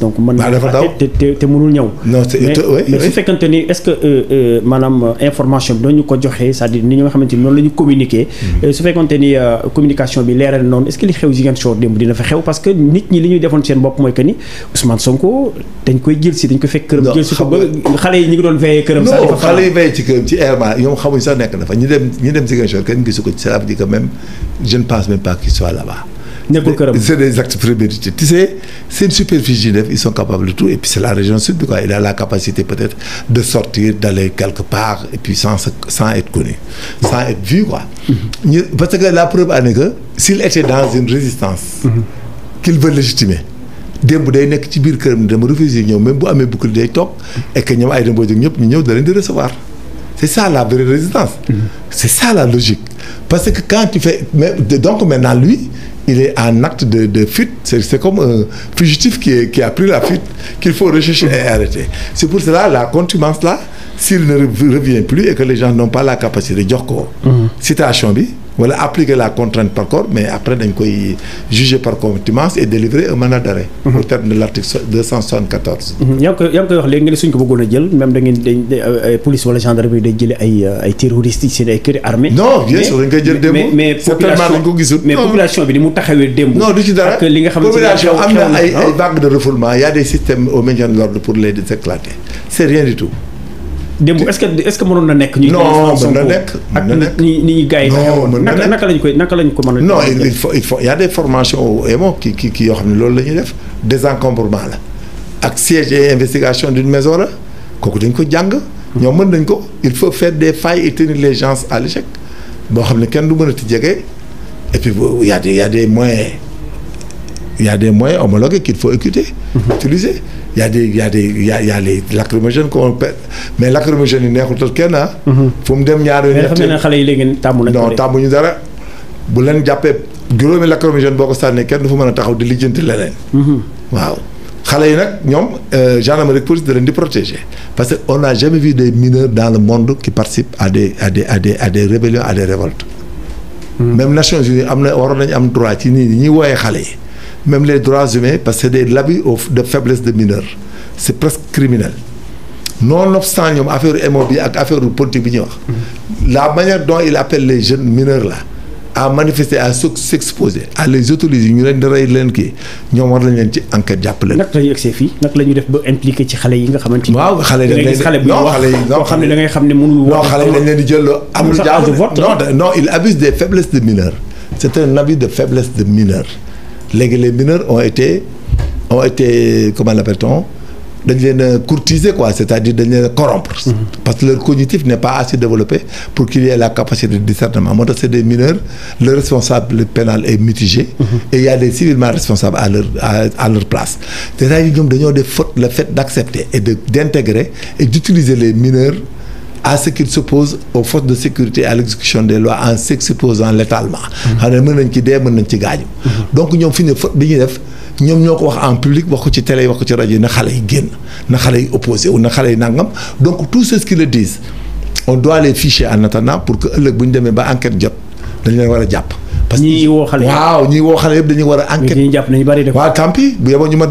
donc mën naa dafa daw te te mënul ñëw. non mais su fekkante ni est-ce que euh, euh, maanaam euh, information bi dañu ko joxee c'est-à-dire ni nga xamante noonu la ñu communiquer. Mhm. su fekkante ni communication bi leeral noonu est-ce que li xew Ziguinchor démb dina fa xew parce que nit ñi li ñuy defoon seen bopp mooy que ni Ousmane Sonko dañ koy jël si dañ ko fekk këram. jël ko ba xale yi ñu ngi doon veillé këram. sax non xale yi veillé ci këram ci airement ñoom xamuñ sax nekk na fa dem ñu nekkul këram c'est des actes prémédités tu sais seen superficie def ils sont capables de tout et puis c'est la région sud quoi il a la capacité peut-être de sortir d'aller quelque part et puis sans sans être connu sans être vu quoi mm-hmm. ñu parce que la preuve en est s'il était dans une résistance mm-hmm. qu'il veut légitimer démb day nekk ci biir këram dama refuser ñëw même bu amee boucle day toog et que ñoom ay dem boo jóg ñëpp ñu recevoir c'est ça la vraie résistance mm-hmm. c'est ça parce que quand tu fais mais donc maintenant il est en acte de, de fuite. C'est comme un fugitif qui, est, qui, a pris la fuite qu'il faut rechercher et arrêter. C'est pour cela la contumace là, s'il ne revient plus et que les gens n'ont pas la capacité de dire quoi, mhm. situation bi wala appliquer la contrainte par corps mais après dañ koy juger par contumace et délivrer un mandat d'arrêt mhm. au terme de l'article yaa koy yaa koy wax léegi nga ne suñ ko bëggoon a jël même da ngeen dañ police wala gendarmerie day jële ay euh, ay seen ay kër armée non bien sûr dañ koy jël démb mais population bi ni mu taxawee démb non du ci dara ak li nga am na ay ay ah. de refoulement y a des au maintien de pour les éclater c'est rien du tout démb est-ce que est-ce que mënoon na nekk. ñuy non mën na nekk ak ni ni ñuy gars yi. non naka naka lañ koy naka lañ ko mën a. non il faut il faut y a des formations EMO ki ki ki yoo xam ne loolu la ñuy def désencombrement la ak siège et investigation d'une maison la kooku dañ ko jàng. ñoom mën nañ ko il faut faire des failles et tenir les gens à l'échec boo xam ne kenn du mën a ti jege et puis y a des y a des moyens. yaa y a des moyens homologués qu'il mhm. utiliser il y a des il y a des il y a, il y a les lacrymogènes qu'on peut mais lacrymogènes yi neexutal kenn ah. Mhm. fu mu dem ñaari ñett mais xale yi léegi tàmmu dara bu leen jàppee juróomi lacrymogène boo ko sànnee kenn du fa mën a taxaw di lijjanti leneen. Mhm. waaw xale yi nag ñoom euh, gendarmerie police da leen di protéger parce que on n'a jamais vu des mineurs dans le monde qui participent à des à des à des à des rébellions à des révoltes. même Nations am na waroon nañu am droit ci nii ñuy wooyee xale yi. même les droits humains parce que c'est des l'abus de faiblesse de mineur c'est presque criminel nonobstant ñoom affaire émo bi ak affaire politique bi ñuy wax mm-hmm. la manière dont il appelle les jeunes mineurs là à manifester à s'exposer à les autoriser ñu leen di rey leen kii ñoom war nañ leen ci enquête jàppale. naka la ñuy egsee fii naka la ñuy def ba impliqué ci xale yi nga xamante ni. waaw xam ne da xam ne mënul. non xale yi dañ leen di jël amul jàpp non non il abuse de mineurs. c'est un léegi les mineurs ont été ont été comment l'appelle-t-on dañ leen a courtiser quoi c'est-à-dire dañ leen a corrompre mm-hmm. parce que leur cognitif n'est pas assez développé pour qu'il y ait la capacité de discernement moo tax c'est des mineurs le responsable pénal est mitigé mm-hmm. et y a des civilement responsables à leur à, leur place c'est-à-dire ñoom dañoo def faute le fait d'accepter et de d'intégrer et d'utiliser les mineurs à ce qu'il s'oppose aux forces de sécurité et à l'exécution des lois en s'exposant létalement. xam ne mën nañ ci dee mën nañ ci gaañu. donc ñoom fi ne fa bi ñuy def ñoom ñoo ko wax en public wax ko ci télé wax ko ci rajo yi na xale yi génn na xale yi opposé wu na xale yi nangam donc tous ceux qui le disent on doit les ficher en attendant pour que ëllëg bu ñu demee ba enquête jot dañ leen war a jàpp. parce que woo xale waaw ñii woo xale yëpp dañuy war a. enquête ñii jàpp nañu bari def waaw tant pis bu yeboo ñu mat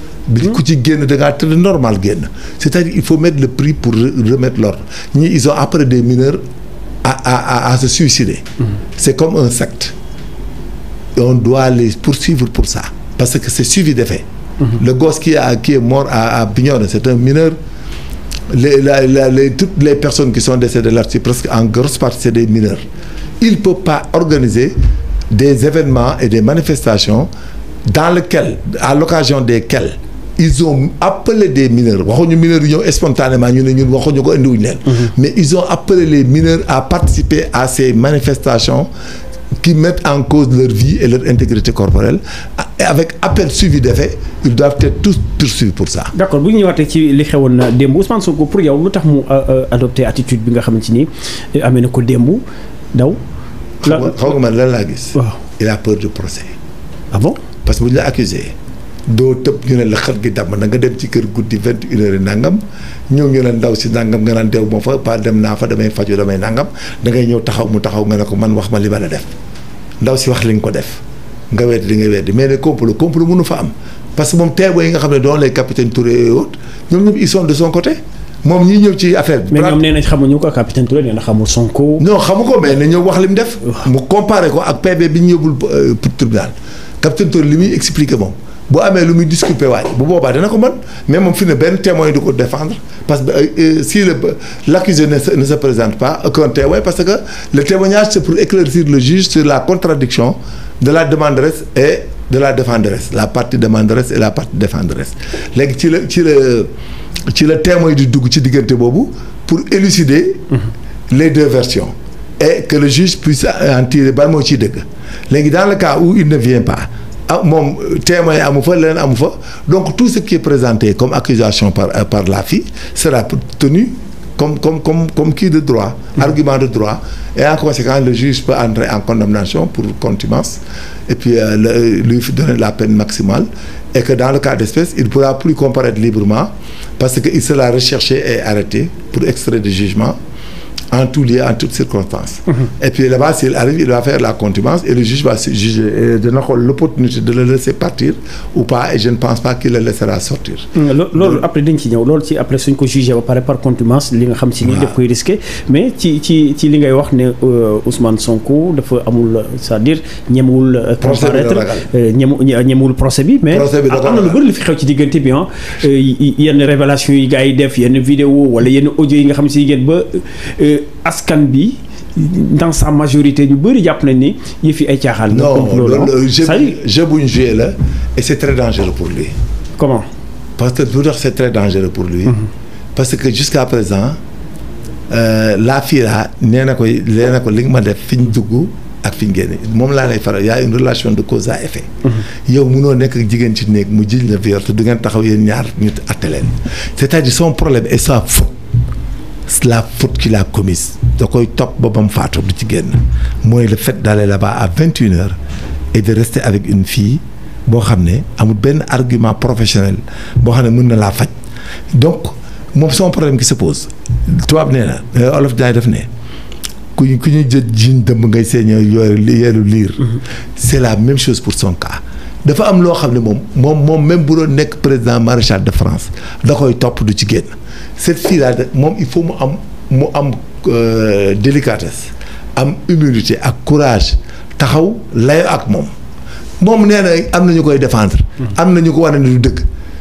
bi ku ci génn da ngaa tëdd normal génn c'est-à-dire il faut mettre le prix pour remettre l'ordre ñi ils ont après des mineurs à à à se suicider. Mm-hmm. c'est comme un secte. Et on doit les poursuivre pour ça parce que c'est suivi d'effet. Mm-hmm. Le gos qui a est mort à à Bignona c'est un mineur. Les la, la les toutes les personnes qui sont décédées là-dessus presque en grosse partie c'est des mineurs. Il peut pas organiser des événements et des manifestations dans lesquels à l'occasion desquels ils ont appelé des mineurs waxuñu mineurs yu ñëw ñu ne ñun waxuñu ko indiwuñu leen. Mhm. mais ils ont appelé les mineurs à participer à ces manifestations qui mettent en cause leur vie et leur intégrité corporelle et avec appel suivi d'effet ils doivent être tous poursuivis pour ça. d'accord bu ñu ñëwaatee ci li xewoon démb Ousmane Sonko pour yow lu tax mu euh, euh, adopté attitude bi nga xamante ni euh, amee na ko démb daw. la xaw nga ma lan laa gis. waaw il a peur du procès. ah que bu doo tëb ñu ne la xat gi damm na nga dem ci kër guddi vingt une heure nangam ñëw ñu ne ndaw si nangam nga naan dew moo fa pa dem naa fa damay faju damay nangam da ngay ñëw taxaw mu taxaw nga ne ko man wax ma li ma a def ndaw si wax li nga ko def nga weddi li nga weddi mais ne complot complot mënu fa am parce que moom teebo yi nga xam ne doon lay capitaine Touré yooyu wut moom ñi ñëw ci affaire bi. mais ñoom nee nañ xamuñu ko capitaine Touré nee na xamul Sonko. non xamu ko mais na ñëw wax li mu def. mu comparé ko ak PV bi ñu yóbbul euh, tribunal capitaine Touré li muy expliqué moom boo amee lu muy disculpé waaj bu boobaa dana ko man mais moom fi ne benn témoin du ko défendre parce que euh, euh, si le l'accusé ne se présente pas aucun témoin parce que le témoignage pour éclaircir le juge sur la contradiction de la demanderesse et de la défenderesse la partie demanderesse et la partie défenderesse léegi ci la ci la ci la témoin di dugg ci diggante boobu pour élucider mm-hmm. les deux versions et que le juge puisse en tirer ban moo ciy dëgg léegi dans le cas où il ne vient pas ah moom euh, témoin amu fa leneen amu fa donc tout ce qui est présenté comme accusation par euh, par l'AFI sera tenu comme comme comme comme qui de droit mmh. argument de droit et en conséquence le juge peut entrer en condamnation pour contumace et puis euh, le, euh, lui donner la peine maximale et que dans le cas d'espèce il ne pourra plus comparaître librement parce qu'il sera recherché et arrêté pour extrait de jugement en tout lieu, en toutes circonstances. Mm -hmm. Et puis là-bas, s'il arrive, il va faire la contumace et le juge va se juger et dina xool l'opportunité de le laisser partir ou pas et je ne pense pas qu'il le laissera sortir. Mm, loolu après dañ ci ñëw loolu ci après suñ ko jugé ba pare par contumace li nga xam si ni daf koy risqué mais ci ci ci li ngay wax ne euh, Ousmane Sonko dafa amul c'est-à-dire ñemewul euh, comparaître euh, ñemu ñemewul procès bi mais am na lu bëri li fi xew ci diggante bi ah yenn révélation yi gars yi def yenn vidéo wala yenn audio yi nga xam si ngeen ba askan bi dans sa majorité ñu bëri jàpp nañ ni yëf yi ay caaxaan. non loolu jeu bu ñu joué la et c' très dangereux pour lui. comment. parce que lu tax c' est très dangereux pour lui. Mhm. parce que jusqu'à présent euh, la FIRA nee na ko nee ko li nga ma def fi ñu dugg ak fi génne moom laa lay faral y a une relation de cause à effet. Mhm. yow munoo nekk ak jigéen ci néeg mu jiñ la viol te du ngeen taxaw yéen ñaar ñu atte leen. à dire son problème est sa faute. la faute qu'il a commise da koy topp ba ba mu faatu du ci génn mooy le fait d'aller la bas à vingt et de rester avec une fii boo xam ne amul benn argument professionnel boo xam ne mën na laa faj donc moom son problème qui se pose tubaab nee na euh, olof daay def ne ku ñu ku ñu jë jiñ dëmb ngay seen yooyu yeelu liir mm-hmm. c'est la même chose pour son cas dafa am loo xam ne moom moom moom même bu doon nekk président maréchal de France da koy topp du ci génn cette fille-là moom il faut mu am mu am euh, délicatesse am humilité ak courage taxaw layoo ak moom moom nee na am na ñu koy defendre mm-hmm. am na ñu ko wane ne du dëgg.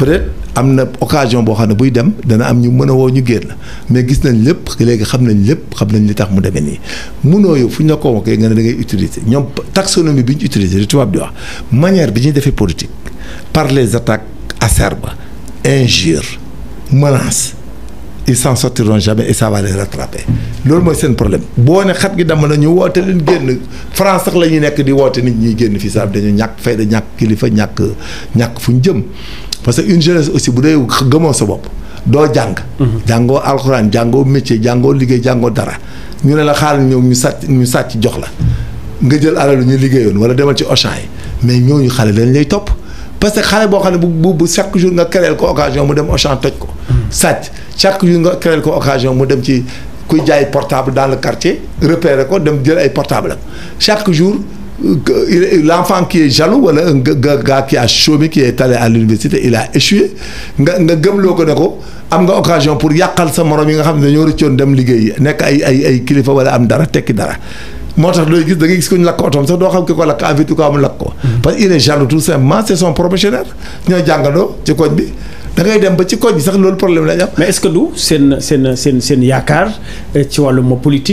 peut-être am na occasion boo xam ne buy dem dana am ñu mën a woo ñu génn mais gis nañ lépp léegi xam nañ lépp xam nañ li tax mu demee nii munoo yow fu ñu ko convoqué nga ne dangay ngay ñoom taxonomie bi ñu utiliser li tubaab di wax manière bi ñuy defee politique par les attaques acerbes injures menaces ils s'en sortiront jamais et ça va les rattraper loolu mooy seen problème boo ne xat gi dama na ñu woote leen génn France sax la ñuy nekk di woote nit ñuy génn fii sax dañu ñàkk fayda ñàkk kilifa ñàkk ñàkk fu ñu jëm parce que une jeunesse aussi bu dee gëmoo sa bopp doo jàng. Mhm. jàngoo alxuraan jàngoo métier jàngoo liggéey jàngoo dara ñu ne la xaaral ñëw ñu sàcc ñu sàcc jox la nga jël alal ñu liggéeyoon wala demal ci Auchan yi mais ñooñu xale dañ lay topp. parce que xale boo xam ne bu bu chaque jour nga créer ko occasion mu dem Auchan toj ko. Mhm. sàcc chaque jour nga créer ko occasion mu dem ci kuy jaay portable daal le quartier repérer ko dem jël ay portable am chaque jour. Euh, l'enfant qui est jaloux wala un gars qui a chômé qui est allé à l'université il a échoué nga nga gëmloo ko ne ko am nga occasion pour yàqal sa morom yi nga xam ne dañoo rëccoon dem liggéey nekk ay ay kilifa wala am dara tekki dara moo tax looy gis da ngay gis ko ñu lakk otoom sax doo xam ki ko lakk en tout cas lakk ko. Mm-hmm. parce que il est jaloux tout simplement c'est son professionnel ñoo jàngandoo ci koñ bi. da ngay dem ba ci koñ bi sax loolu problème la ñu am. mais est-ce que du seen seen seen euh,